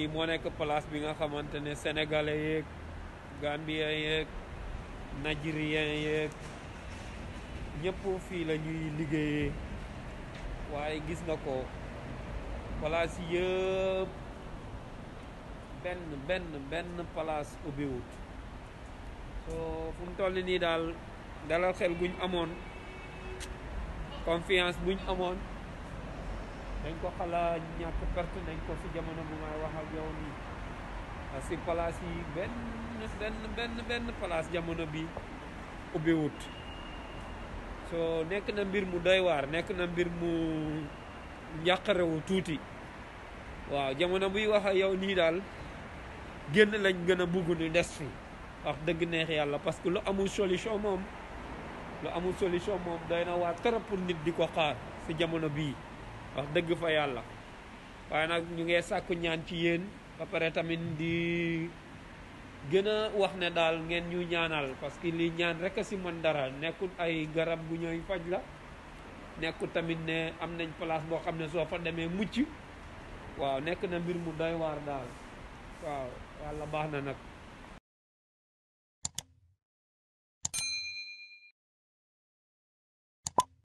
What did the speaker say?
fii moo nekk place bi nga xamante ne sénégalais yeeg gambien yeeg nigérien yeeg fii la ñuy liggéeyee waaye gis nga ko place yëpp benn benn benn place ubbiwut fu mu toll nii daal dalal xel guñ amoon confiance buñ amoon dañ ko xala ñàkk perte nañ ko si jamono bu may wax ak yow nii si place yi benn benn benn benn place jamono bi ubbiwut soo nekk na mbir mu doy waar nekk na mbir mu njàqarewu tuuti waaw jamono buy wax ak yow nii daal génn lañ gën a bugg ñu des fi wax dëgg neex yàlla parce que lu amul solution moom lu amul solution moom doy na waa trop pour nit di ko xaar si jamono bii wax dëgg fa yàlla waaye nag ñu ngee sàkku ñaan ci yéen ba pare tamit di gën a wax ne daal ngeen ñu ñaanal parce que lii ñaan rek a si mën dara nekkul ay garab gu ñëw faj la nekkul tamit ne am nañ place boo xam ne soo fa demee mucc waaw nekk na mbir mu doy waar daal waaw yàlla baax na nag